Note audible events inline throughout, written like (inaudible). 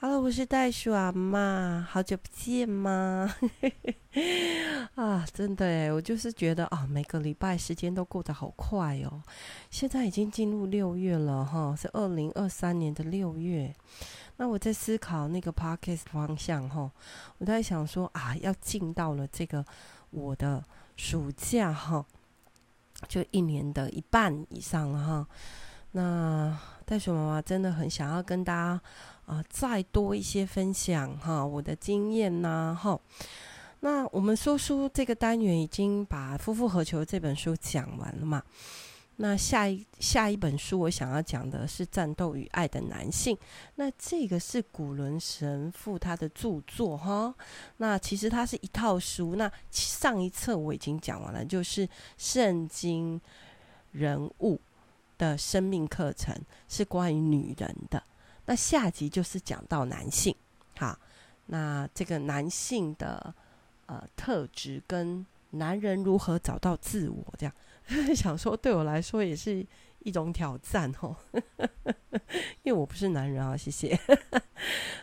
Hello，我是袋鼠阿媽，好久不見嗎？ (laughs) 啊，真的誒，我就是覺得啊，每個禮拜時間都過得好快哦。現在已經進入六月了哈，是二零二三年的六月。那我在思考那個 podcast 方向哈，我在想說啊，要進到了這個我的暑假哈，就一年的一半以上了哈。那袋鼠媽媽真的很想要跟大家。啊，再多一些分享哈，我的經驗吶、啊、哈。那我們說書這個單元已經把《夫復何求》這本書講完了嘛？那下一下一本書我想要講的是《戰鬥與愛的男性》。那這個是古倫神父他的著作哈。那其實它是一套書，那上一冊我已經講完了，就是《聖經人物的生命課程》，是關於女人的。那下集就是講到男性，好，那這個男性的呃特質跟男人如何找到自我，這樣想說，對我來說也是一種挑戰哦，呵呵呵，因為我不是男人啊，謝謝，呵呵，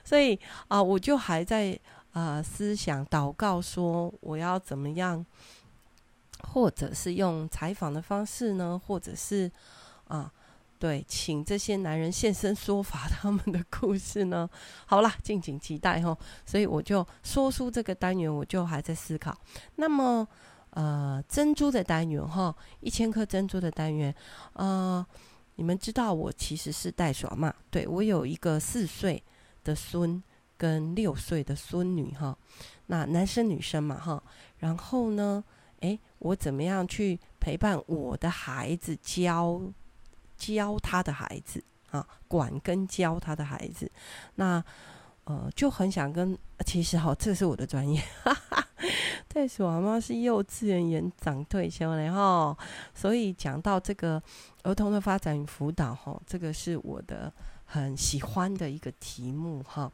所以啊、呃，我就還在啊、呃、思想禱告說我要怎麼樣，或者是用採訪的方式呢，或者是啊。呃對，請這些男人現身說法，他們的故事呢，好了，敬請期待哈。所以我就說出這個單元，我就還在思考。那麼，呃，珍珠的單元哈，一千顆珍珠的單元，呃，你們知道我其實是帶娃嘛？對，我有一個四歲的孫跟六歲的孫女哈。那男生女生嘛哈。然後呢，哎，我怎麼樣去陪伴我的孩子教，教他的孩子啊，管跟教他的孩子，那呃就很想跟，其實哈、哦，這是我的專業。哈哈，但是，我媽媽是幼稚園園長退休了後、哦、所以講到這個兒童的發展與輔導哈、哦，這個是我的很喜歡的一個題目哈、哦。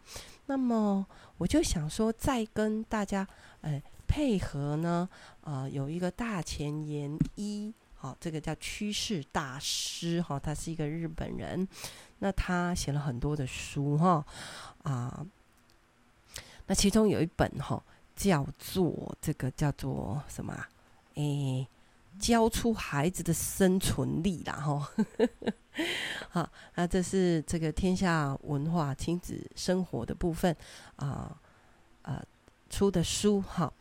那麼，我就想說，再跟大家呃配合呢，呃，有一個大前研一。好、哦，這個叫趨勢大師哈、哦，他是一個日本人，那他寫了很多的書哈、哦、啊，那其中有一本哈、哦、叫做這個叫做什麼、啊？哎，教出孩子的生存力啦哈。好、哦，那、哦啊、這是這個天下文化親子生活的部分啊呃，呃出的書哈。哦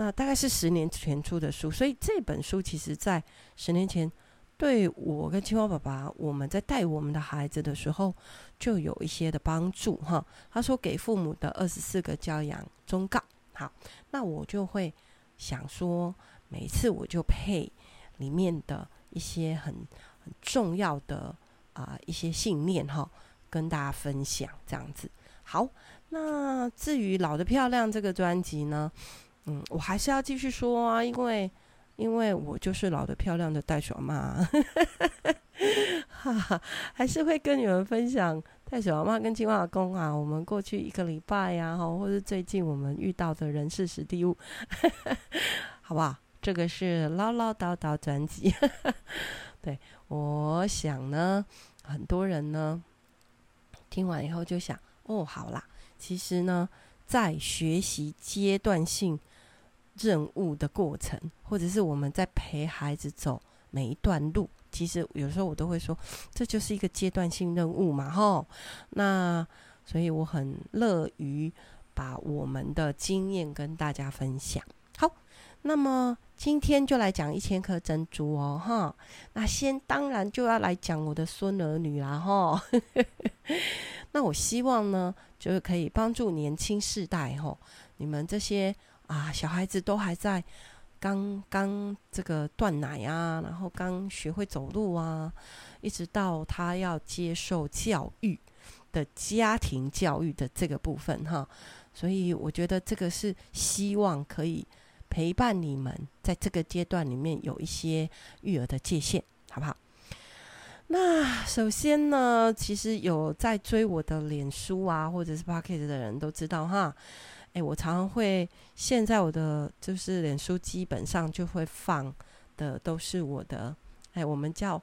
那大概是十年前出的書，所以這本書其實在十年前對我跟青蛙爸爸，我們在帶我們的孩子的時候，就有一些的幫助哈。他說：“給父母的二十四個教養忠告。”好，那我就會想說，每一次我就配裡面的一些很很重要的啊、呃、一些信念哈，跟大家分享這樣子。好，那至於《老得漂亮》這個專輯呢？嗯，我還是要繼續說啊，因為，因為我就是老的漂亮的袋鼠媽，還是會跟你們分享袋鼠阿媽跟青蛙阿公啊，我們過去一個禮拜呀、啊，或者最近我們遇到的人事、時地、物， (laughs) 好不好？這個是嘮嘮叨叨叨專輯。 (laughs) 對，我想呢，很多人呢，聽完以後就想，哦，好啦，其實呢，在學習階段性。任務的過程，或者是我們在陪孩子走每一段路，其實有時候我都會說，這就是一個階段性任務嘛，哈。那所以我很樂於把我們的經驗跟大家分享。好，那麼今天就來講一千顆珍珠哦，哈。那先當然就要來講我的孫兒女啦。哈。 (laughs) 那我希望呢，就是可以幫助年輕世代，哈，你們這些。啊，小孩子都還在剛，剛剛這個斷奶啊，然後剛學會走路啊，一直到他要接受教育的家庭教育的這個部分哈，所以我覺得這個是希望可以陪伴你們在這個階段裡面有一些育兒的界限，好不好？那首先呢，其實有在追我的臉書啊，或者是 Podcast 的人都知道哈。哎、欸，我常常會，現在我的就是臉書基本上就會放的都是我的哎、欸，我們叫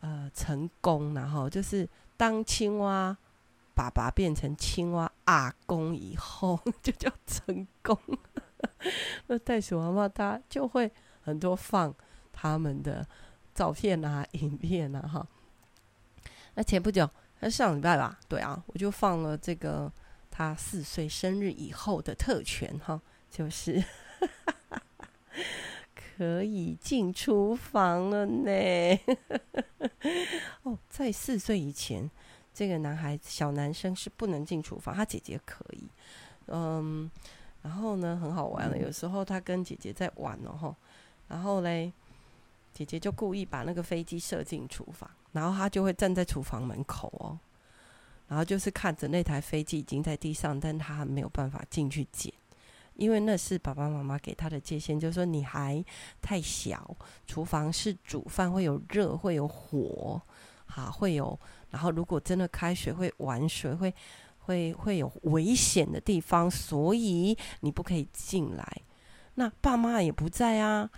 呃成功，然後就是當青蛙爸爸變成青蛙阿公以後，呵呵就叫成功。呵呵，那袋鼠媽媽他就會很多放他們的照片啊、影片啊，哈。那前不久，那上禮拜吧，對啊，我就放了這個。他四歲生日以後的特權哈、哦，就是 (laughs) 可以進廚房了呢。 (laughs) 哦，在四歲以前，這個男孩小男生是不能進廚房，他姐姐可以。嗯，然後呢，很好玩了。嗯、有時候他跟姐姐在玩哦，然後嘞，姐姐就故意把那個飛機射進廚房，然後他就會站在廚房門口哦。然後就是看着那台飛機已經在地上，但他還沒有辦法進去撿，因為那是爸爸媽媽給他的界限，就是說你還太小，廚房是煮飯，會有熱，會有火，好、啊、會有，然後如果真的開水會玩水會會會有危險的地方，所以你不可以進來。那爸媽也不在啊，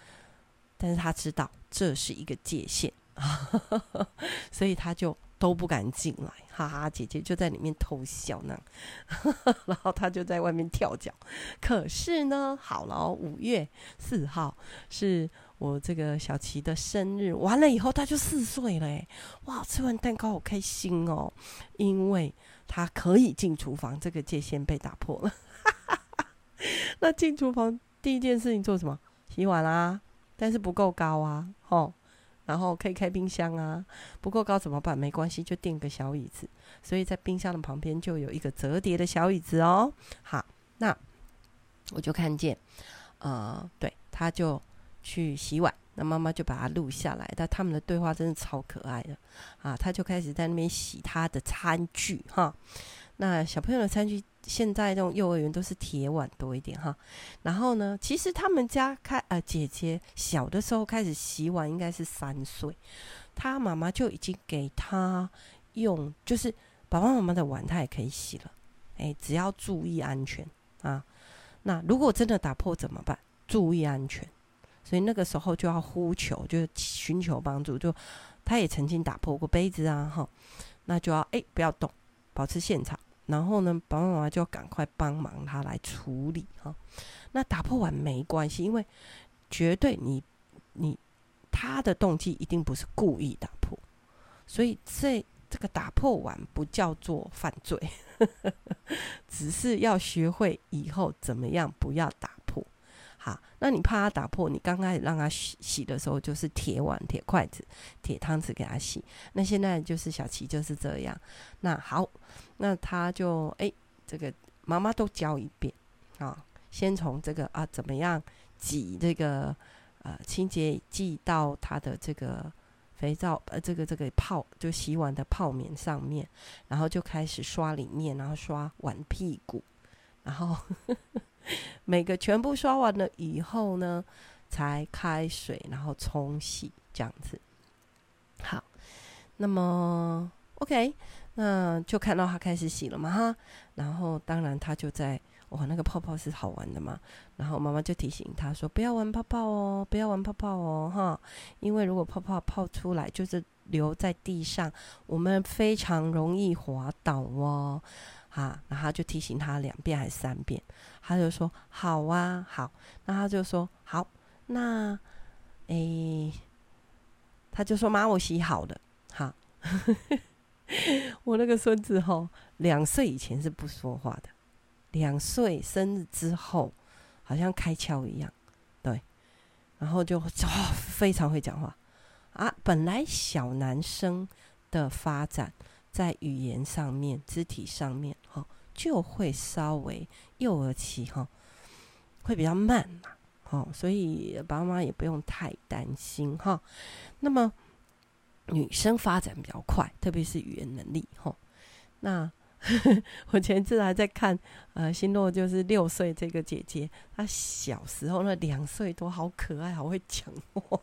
但是他知道這是一個界限，呵呵呵，所以他就都不敢進來，哈哈！姐姐就在裡面偷笑呢，呵呵，然後她就在外面跳腳。可是呢，好了哦，五月四號是我這個小琪的生日，完了以後她就四歲了，哇！吃完蛋糕好開心哦，因為她可以進廚房，這個界限被打破了。哈哈哈哈，那進廚房第一件事情做什麼？洗碗啊，但是不夠高啊，哦。然後可以開冰箱啊，不夠高怎麼辦？沒關係，就訂個小椅子。所以在冰箱的旁邊就有一個折疊的小椅子哦。好，那我就看見，呃，對，他就去洗碗，那媽媽就把它錄下來。但他們的對話真的超可愛的啊！他就開始在那邊洗他的餐具哈。那小朋友的餐具，現在這種幼兒園都是鐵碗多一點哈。然後呢，其實他們家開呃，姐姐小的時候開始洗碗，應該是三歲，她媽媽就已經給她用，就是爸爸媽媽的碗她也可以洗了。哎，只要注意安全啊。那如果真的打破怎麼辦？注意安全，所以那個時候就要呼求，就尋求幫助。就她也曾經打破過杯子啊哈，那就要哎不要動，保持現場。然後呢，爸爸媽媽就趕快幫忙他來處理哈、哦。那打破碗沒關係，因為絕對你你他的動機一定不是故意打破，所以這這個打破碗不叫做犯罪呵呵呵，只是要學會以後怎麼樣不要打破。啊，那你怕他打破？你剛開始讓他洗洗的時候，就是鐵碗、鐵筷子、鐵湯匙給他洗。那現在就是小琪就是這樣。那好，那他就誒、欸，這個媽媽都教一遍啊。先從這個啊，怎麼樣擠這個呃清潔劑到他的這個肥皂呃這個這個泡就洗碗的泡棉上面，然後就開始刷裡面，然後刷碗屁股，然後。呵呵每個全部刷完了以後呢，才開水，然後沖洗這樣子。好，那麼 OK，那就看到他開始洗了嘛哈。然後當然他就在哇，那個泡泡是好玩的嘛。然後媽媽就提醒他說：“不要玩泡泡哦，不要玩泡泡哦，哈，因為如果泡泡泡出來，就是留在地上，我們非常容易滑倒哦。”啊，然後他就提醒他兩遍還是三遍，他就說好啊好，那他就說好，那哎、欸，他就說媽，我洗好了，好， (laughs) 我那個孫子吼，兩歲以前是不說話的，兩歲生日之後好像開竅一樣，對，然後就哇非常會講話啊，本來小男生的發展。在語言上面、肢體上面，哈、哦，就會稍微幼兒期哈、哦，會比較慢嘛，哦，所以爸媽也不用太擔心哈、哦。那麼女生發展比較快，特別是語言能力，哈、哦。那呵呵我前次還在看，呃，星諾就是六歲這個姐姐，她小時候呢兩歲多，好可愛，好會講話，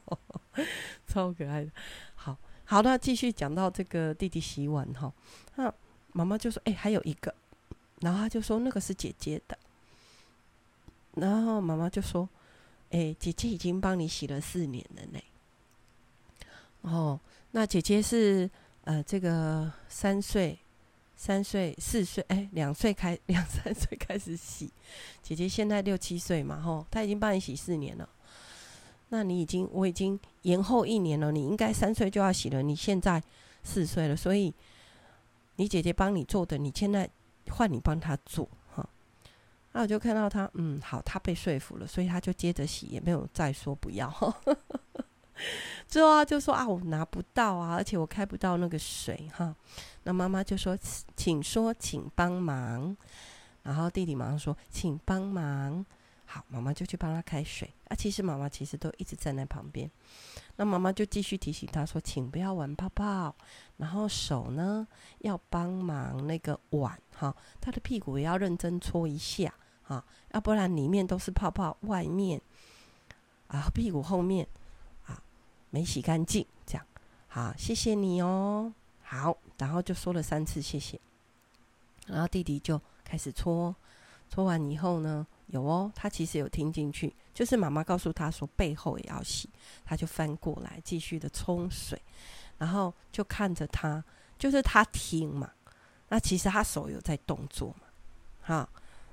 超可愛的，好。好的，繼續講到這個弟弟洗碗哈，那媽媽就說：“哎，還有一個。”然後他就說：“那個是姐姐的。”然後媽媽就說：“哎，姐姐已經幫你洗了四年了呢。”哦，那姐姐是呃，這個三歲、三歲、四歲，哎，兩歲開兩三歲開始洗。姐姐現在六七歲嘛，吼，她已經幫你洗四年了。那你已經，我已經延後一年了。你應該三歲就要洗了，你現在四歲了，所以你姐姐幫你做的，你現在換你幫他做哈。那我就看到他，嗯，好，他被說服了，所以他就接着洗，也沒有再說不要。呵呵呵。最後啊，他就說啊，我拿不到啊，而且我開不到那個水哈。那媽媽就說，請說，請幫忙。然後弟弟馬上說，請幫忙。好，媽媽就去幫他開水。啊，其實媽媽其實都一直站在旁邊。那媽媽就繼續提醒他說：“請不要玩泡泡，然後手呢要幫忙那個碗哈，哦，他的屁股也要認真搓一下啊，哦，要不然裡面都是泡泡，外面，啊屁股後面啊沒洗乾淨這樣。好，啊，謝謝你哦。好，然後就說了三次謝謝，然後弟弟就開始搓，搓完以後呢。”有哦，他其實有聽進去，就是媽媽告訴他說背後也要洗，他就翻過來繼續的沖水，然後就看着他，就是他聽嘛，那其實他手有在動作嘛，哈，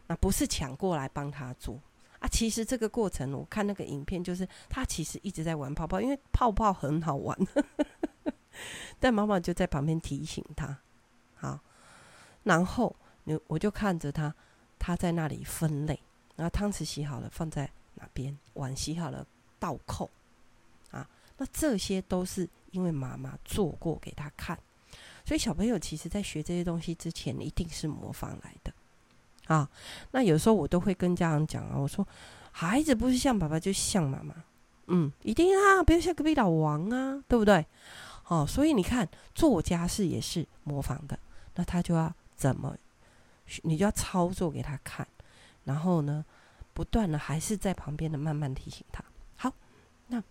那不是搶過來幫他做啊，其實這個過程，我看那個影片，就是他其實一直在玩泡泡，因為泡泡很好玩，呵呵呵，但媽媽就在旁邊提醒他，好，然後你我就看着他，他在那裡分類。然後湯匙洗好了放在哪邊？碗洗好了倒扣，啊，那這些都是因為媽媽做過給他看，所以小朋友其實在學這些東西之前一定是模仿來的，啊，那有時候我都會跟家長講啊，我說孩子不是像爸爸就是像媽媽，嗯，一定啊，不要像隔壁老王啊，對不對？哦，啊，所以你看做家事也是模仿的，那他就要怎麼，你就要操作給他看。然後呢，不斷的還是在旁邊的慢慢提醒他。好，那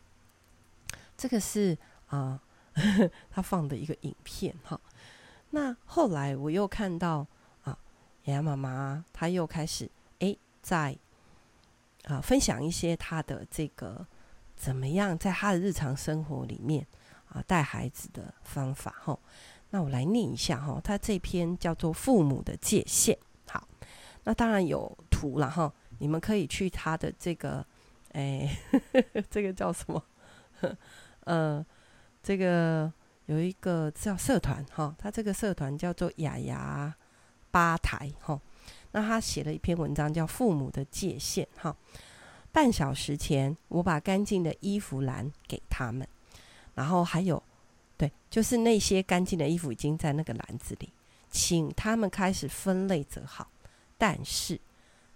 這個是啊、呃，他放的一個影片哈、哦。那後來我又看到啊，洋洋媽媽，他又開始哎，在啊、呃、分享一些他的這個怎麼樣在他的日常生活裡面啊、呃、帶孩子的方法哈、哦。那我來念一下哈，他、哦、這篇叫做《父母的界限》。好，那當然有。然後你們可以去他的這個，哎，呵呵這個叫什麼？呃，這個有一個叫社團哈、哦，他這個社團叫做雅雅吧台哈、哦。那他寫了一篇文章叫《父母的界限》哈、哦。半小時前，我把乾淨的衣服籃給他們，然後還有對，就是那些乾淨的衣服已經在那個籃子裡，請他們開始分類折好。但是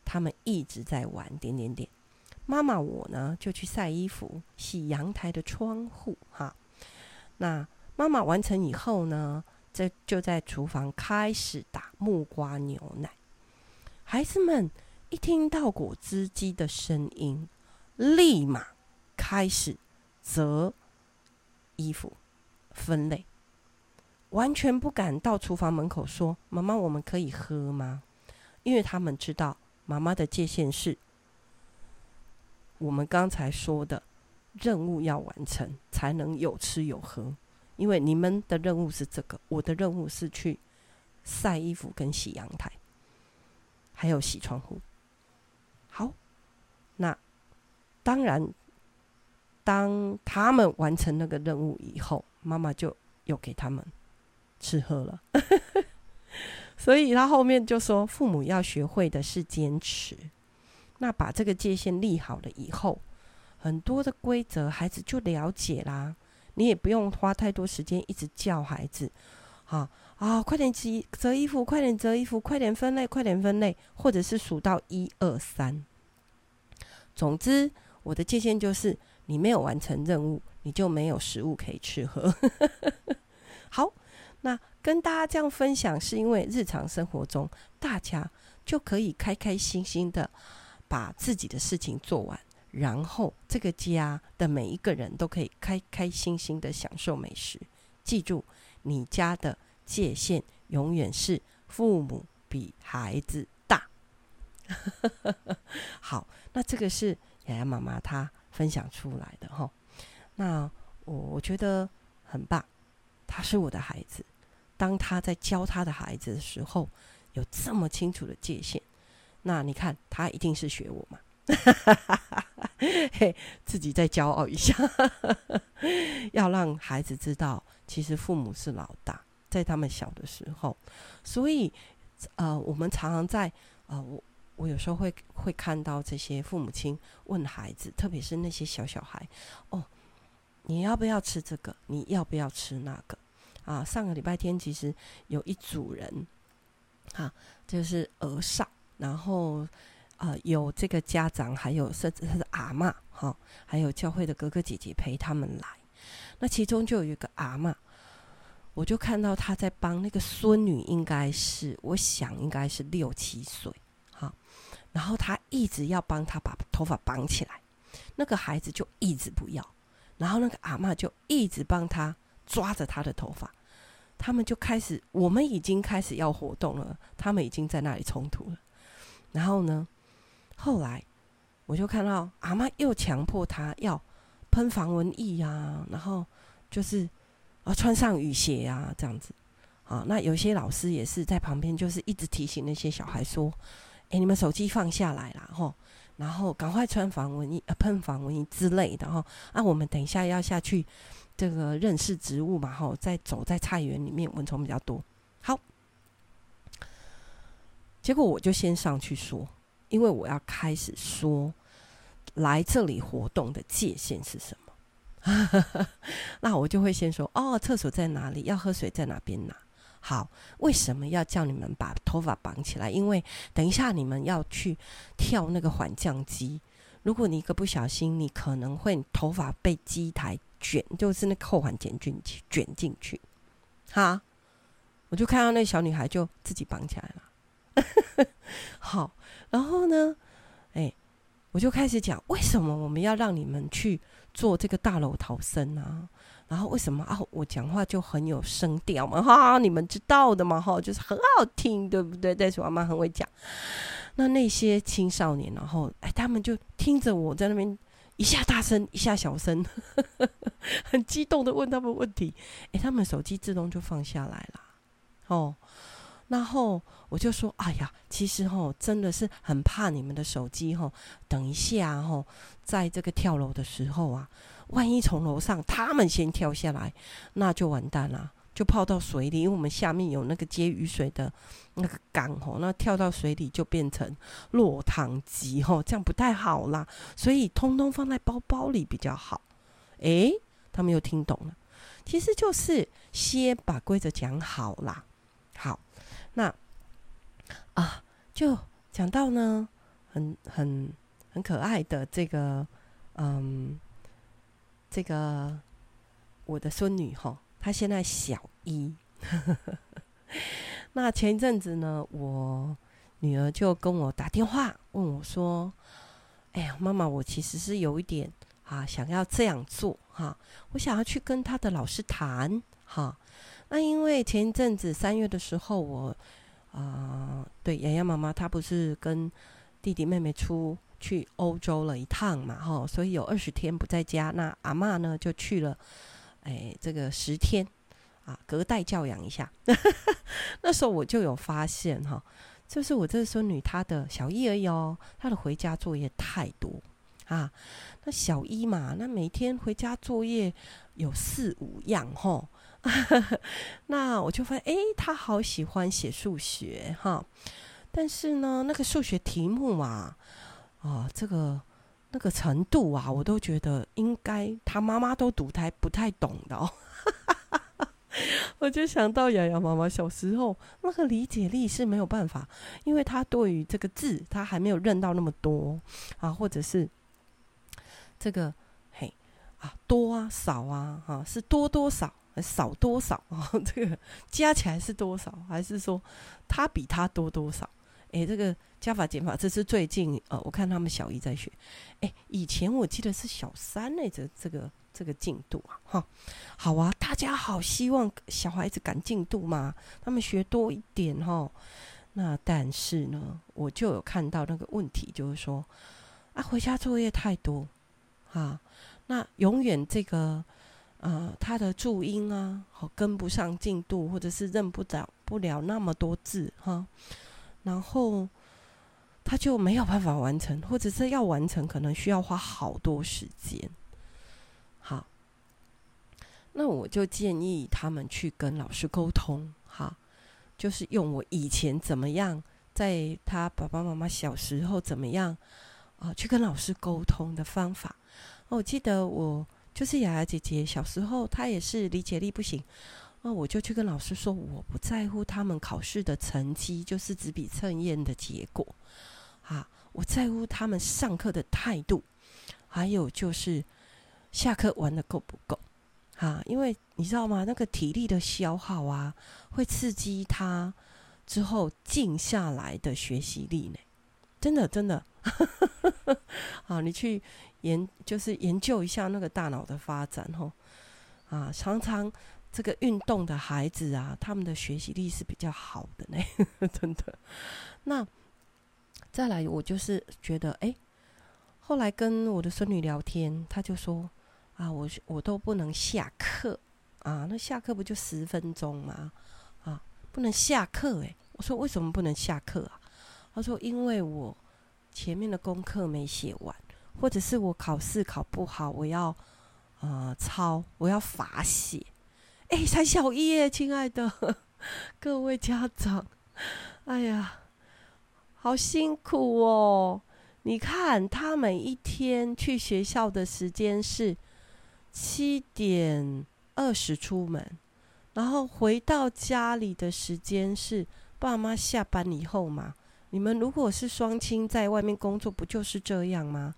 他們一直在玩點點點，媽媽我呢就去曬衣服，洗陽台的窗戶哈。那媽媽完成以後呢，這就在廚房開始打木瓜牛奶。孩子們一聽到果汁機的聲音，立馬開始摺衣服分類，完全不敢到廚房門口說：“媽媽，我們可以喝嗎？”因為他們知道。媽媽的界限是：我們剛才說的任務要完成，才能有吃有喝。因為你們的任務是這個，我的任務是去曬衣服跟洗陽台，還有洗窗戶。好，那當然，當他們完成那個任務以後，媽媽就有給他們吃喝了。 (laughs) 所以他後面就說，父母要學會的是堅持。那把這個界限立好了以後，很多的規則孩子就了解啦。你也不用花太多時間一直叫孩子，啊啊，快點洗，折衣服，快點折衣服，快點分類，快點分類，或者是數到一二三。總之，我的界限就是：你沒有完成任務，你就沒有食物可以吃喝。 (laughs) 好，那。跟大家這樣分享，是因為日常生活中大家就可以開開心心的把自己的事情做完，然後這個家的每一個人都可以開開心心的享受美食。記住，你家的界限永遠是父母比孩子大。 (laughs) 好，那這個是雅雅媽媽她分享出來的哈，那我我覺得很棒，她是我的孩子。當他在教他的孩子的時候，有這麼清楚的界限，那你看他一定是學我嘛。 (laughs) 嘿，自己再驕傲一下， (laughs) 要讓孩子知道，其實父母是老大，在他們小的時候。所以，呃，我們常常在呃，我我有時候會會看到這些父母親問孩子，特別是那些小小孩，哦，你要不要吃這個？你要不要吃那個？啊，上個禮拜天其實有一組人，啊，就是兒少，然後啊、呃，有這個家長，還有甚至是阿嬤，哈、啊，還有教會的哥哥姐姐陪他們來。那其中就有一個阿嬤，我就看到他在幫那個孫女，應該是我想應該是六七歲，哈、啊，然後他一直要幫他把頭髮綁起來，那個孩子就一直不要，然後那個阿嬤就一直幫他。抓着他的頭髮，他們就開始，我們已經開始要活動了，他們已經在那裡衝突了。然後呢，後來我就看到阿媽又強迫他要噴防蚊液啊，然後就是啊穿上雨鞋啊這樣子。啊，那有些老師也是在旁邊，就是一直提醒那些小孩說：“誒、欸，你們手機放下來啦，吼，然後趕快穿防蚊衣、噴、呃、防蚊液之類的，吼。啊，我們等一下要下去。”這個認識植物嘛，吼，在走在菜園裡面，蚊蟲比較多。好，結果我就先上去說，因為我要開始說，來這裡活動的界限是什麼。 (laughs) 那我就會先說哦，廁所在哪裡？要喝水在哪邊呢？好，為什麼要叫你們把頭髮綁起來？因為等一下你們要去跳那個緩降機，如果你一個不小心，你可能會頭髮被機台，捲就是那扣環捲，捲進去，哈，我就看到那小女孩就自己綁起來了， (laughs) 好，然後呢，誒、欸，我就開始講為什麼我們要讓你們去做這個大樓逃生啊。然後為什麼啊？我講話就很有聲調嘛，哈、啊，你們知道的嘛，哈、哦，就是很好聽，對不對？但是我媽媽很會講，那那些青少年，然後誒、哎，他們就聽着我在那邊。一下大聲，一下小聲呵呵，很激動的問他們問題。哎、欸，他們手機自動就放下來了，哦。然後我就說：“哎呀，其實哈、哦，真的是很怕你們的手機哈、哦。等一下哈、哦，在這個跳樓的時候啊，萬一從樓上他們先跳下來，那就完蛋了。”就泡到水裡，因為我們下面有那個接雨水的那個缸哦，那跳到水裡就變成落湯雞哦，這樣不太好啦，所以通通放在包包裡比較好。誒，他們又聽懂了，其實就是先把規則講好啦。好，那啊，就講到呢，很很很可愛的這個，嗯，這個我的孫女哦。哦他現在小一，那前一陣子呢，我女兒就跟我打電話問我說：“哎呀，媽媽，我其實是有一點啊，想要這樣做哈、啊，我想要去跟他的老師談哈、啊。那因為前一陣子三月的時候，我啊，對洋洋媽媽，她不是跟弟弟妹妹出去歐洲了一趟嘛哈、啊，所以有二十天不在家，那阿嬤呢就去了。”哎，這個十天，啊，隔代教養一下。呵呵，那時候我就有發現哈、哦，就是我這個孫女她的小一而已哦，她的回家作業太多啊。那小一嘛，那每天回家作業有四五樣哈、哦啊。那我就發現，哎，她好喜歡寫數學哈、哦，但是呢，那個數學題目嘛。哦，這個。那個程度啊，我都覺得應該他媽媽都讀他不太懂的哦， (laughs) 我就想到洋洋媽媽小時候那個理解力是沒有辦法，因為他對於這個字他還沒有認到那麼多啊，或者是這個嘿啊多啊少啊哈、啊、是多多少少多少啊這個加起來是多少，還是說他比他多多少？誒、欸，這個。加法減法，這是最近呃，我看他們小一在學。哎，以前我記得是小三哎，欸，這這個這個進度啊，哈，好啊，大家好，希望小孩子趕進度嘛，他們學多一點哈。那但是呢，我就有看到那個問題，就是說啊，回家作業太多，哈，那永遠這個啊、呃，他的注音啊，好跟不上進度，或者是認不着不了那麼多字哈，然後。他就沒有辦法完成，或者是要完成，可能需要花好多時間。好，那我就建議他們去跟老師溝通，哈，就是用我以前怎麼樣，在他爸爸媽媽小時候怎麼樣啊，呃，去跟老師溝通的方法。哦，我記得我就是雅雅姐姐小時候，她也是理解力不行，那我就去跟老師說，我不在乎他們考試的成績，就是紙筆測驗的結果。啊，我在乎他們上課的態度，還有就是下課玩得夠不夠啊？因為你知道嗎？那個體力的消耗啊，會刺激他之後靜下來的學習力呢。真的，真的，啊， (laughs) 你去研就是研究一下那個大腦的發展吼啊！常常這個運動的孩子啊，他們的學習力是比較好的呢。 (laughs) 真的，那。再來，我就是覺得，哎、欸，後來跟我的孫女聊天，她就說，啊，我我都不能下課啊，那下課不就十分鐘嗎？啊，不能下課，哎，我說為什麼不能下課啊？她說因為我前面的功課沒寫完，或者是我考試考不好，我要啊、呃、抄，我要罰寫。哎、欸，才小一、欸，親愛的 (laughs) 各位家長，哎呀。好辛苦哦！你看他每一天去學校的時間是七點二十出門，然後回到家裡的時間是爸媽下班以後嘛？你們如果是雙親在外面工作，不就是這樣嗎？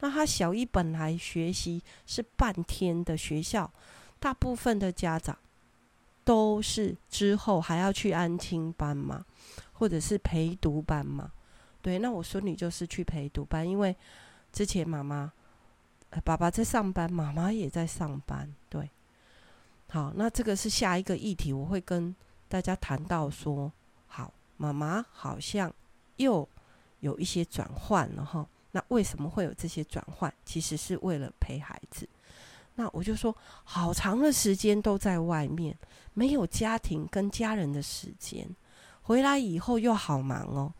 那他小一本來學習是半天的學校，大部分的家長都是之後還要去安親班嘛？或者是陪讀班嘛，對，那我孫女就是去陪讀班，因為之前媽媽、呃、爸爸在上班，媽媽也在上班，對。好，那這個是下一個議題，我會跟大家談到說，好，媽媽好像又有一些轉換了。哈，那為什麼會有這些轉換？其實是為了陪孩子。那我就說，好長的時間都在外面，沒有家庭跟家人的時間。回來以後又好忙哦，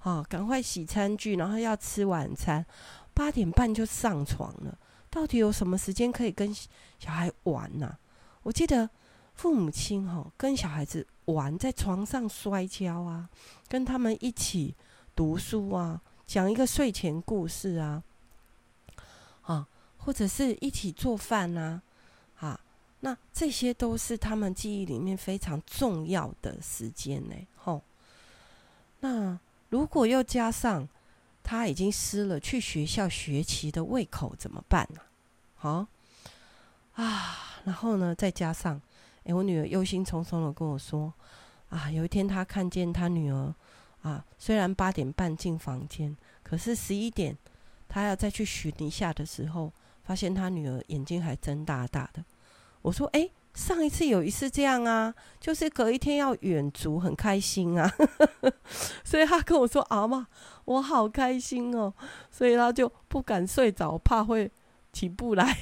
啊，趕快洗餐具，然後要吃晚餐，八點半就上床了。到底有什麼時間可以跟小孩玩呢？啊？我記得父母親哈，哦，跟小孩子玩，在床上摔跤啊，跟他們一起讀書啊，講一個睡前故事啊，啊，或者是一起做飯啊。啊，那這些都是他們記憶裡面非常重要的時間呢，欸。那如果又加上他已經失了去學校學習的胃口怎麼辦呢、啊？好、哦、啊，然後呢，再加上，哎，我女兒憂心忡忡的跟我說，啊，有一天她看見她女兒，啊，雖然八點半進房間，可是十一點她要再去巡一下的時候，發現她女兒眼睛還睜大大的。我說，哎。上一次有一次這樣啊，就是隔一天要遠足，很開心啊， (laughs) 所以他跟我說：“阿媽，我好開心哦、喔。”所以他就不敢睡早，怕會起不來。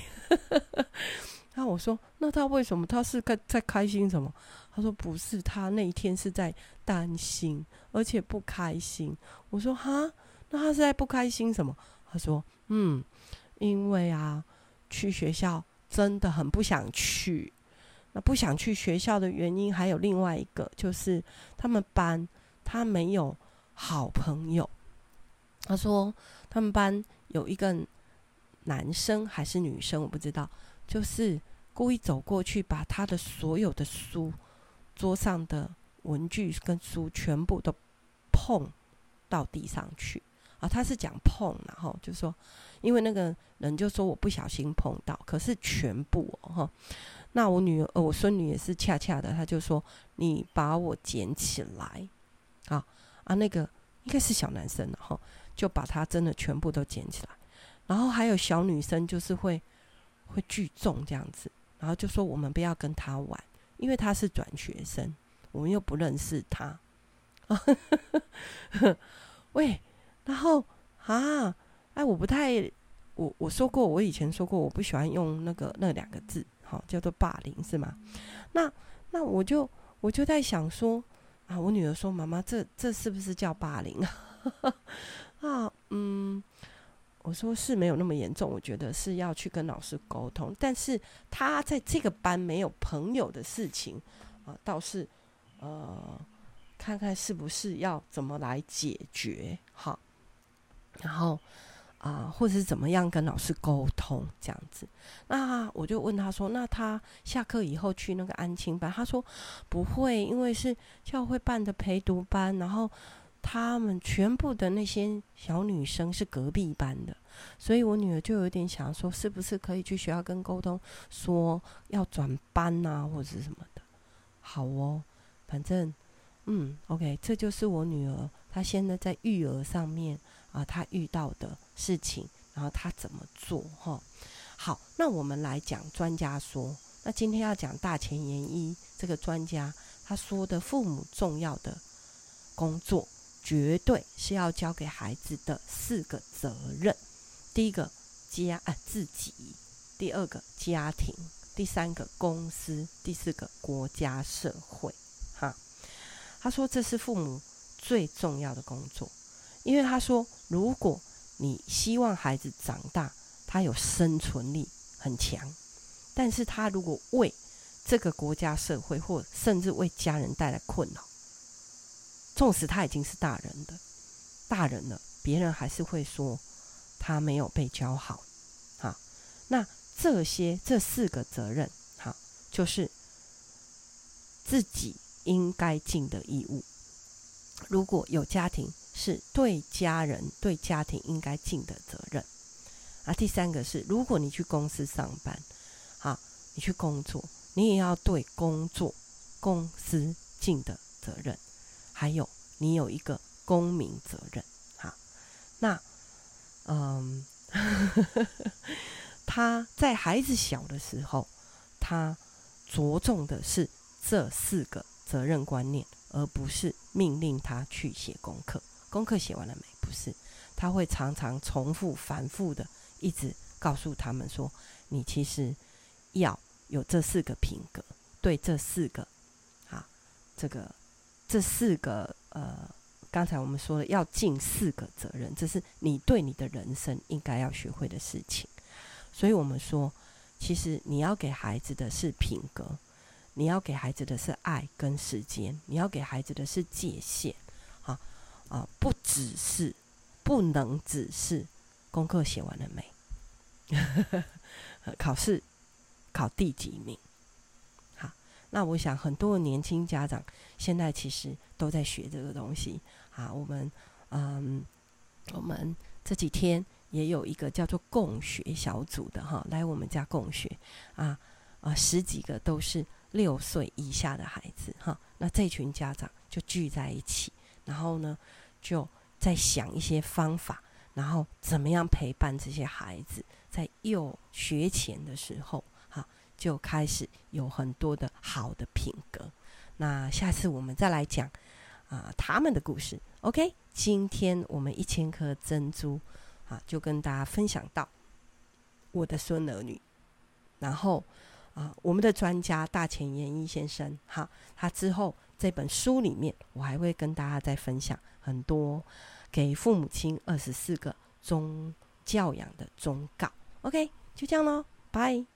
(laughs) 他我說：“那他為什麼？他是在在開心什麼？”他說：“不是，他那一天是在擔心，而且不開心。”我說：“哈，那他是在不開心什麼？”他說：“嗯，因為啊，去學校真的很不想去。”那不想去學校的原因還有另外一個，就是他們班他沒有好朋友。他說他們班有一個男生還是女生，我不知道，就是故意走過去，把他的所有的書桌上的文具跟書全部都碰到地上去啊。他是講碰，然後就說，因為那個人就說我不小心碰到，可是全部哦那我女兒呃，我孫女也是，恰恰的，她就說：“你把我撿起來，啊啊，那個應該是小男生哈，然後就把他真的全部都撿起來。然後還有小女生，就是會會聚眾這樣子，然後就說我們不要跟他玩，因為他是轉學生，我們又不認識他。啊，喂，然後啊，哎，我不太，我我說過，我以前說過，我不喜歡用那個那兩個字。”好，叫做霸凌是嗎？那那我就我就在想說啊，我女兒說，媽媽，這這是不是叫霸凌啊？ (laughs) 啊，嗯，我說是沒有那麼嚴重，我覺得是要去跟老師溝通，但是他在這個班沒有朋友的事情啊，倒是呃，看看是不是要怎麼來解決好，然後。啊，或者是怎麼樣跟老師溝通這樣子？那我就問他說：“那他下課以後去那個安親班？”他說：“不會，因為是教會辦的陪讀班，然後他們全部的那些小女生是隔壁班的。”所以，我女兒就有點想說：“是不是可以去學校跟溝通，說要轉班啊，或者什麼的？”好哦，反正，嗯，OK，這就是我女兒她現在在育兒上面。啊，他遇到的事情，然後他怎麼做？哈、哦，好，那我們來講專家說，那今天要講大前研一這個專家他說的父母重要的工作，絕對是要教給孩子的四個責任。第一個家啊自己，第二個家庭，第三個公司，第四個國家社會。哈，他說這是父母最重要的工作。因為他說：“如果你希望孩子長大，他有生存力很強，但是他如果為這個國家社會，或甚至為家人帶來困擾，縱使他已經是大人了，大人了，別人還是會說他沒有被教好。啊”哈，那這些這四個責任，哈、啊，就是自己應該盡的義務。如果有家庭，是對家人、對家庭應該盡的責任。啊，第三個是，如果你去公司上班，啊，你去工作，你也要對工作、公司盡的責任。還有，你有一個公民責任。啊，那，嗯， (laughs) 他在孩子小的時候，他着重的是這四個責任觀念，而不是命令他去寫功課。功課寫完了沒？不是，他會常常重複、反覆的，一直告訴他們說：“你其實要有這四個品格，對這四個，啊，這個，這四個呃，剛才我們說了，要盡四個責任，這是你對你的人生應該要學會的事情。所以，我們說，其實你要給孩子的是品格，你要給孩子的是愛跟時間，你要給孩子的是界限。”啊、哦，不只是，不能只是功課寫完了沒？ (laughs) 考試考第幾名。好，那我想很多年輕家長現在其實都在學這個東西。啊，我們嗯，我們這幾天也有一個叫做共學小組的哈，來我們家共學啊啊，十幾個都是六歲以下的孩子哈。那這群家長就聚在一起。然後呢，就再想一些方法，然後怎麼樣陪伴這些孩子在幼學前的時候，哈，就開始有很多的好的品格。那下次我們再來講啊、呃，他們的故事。OK，今天我們一千顆珍珠，啊，就跟大家分享到我的孫兒女，然後啊、呃，我們的專家大前研一先生，哈，他之後。這本書裡面，我還會跟大家再分享很多給父母親二十四個忠教養的忠告。OK，就這樣嘍，拜。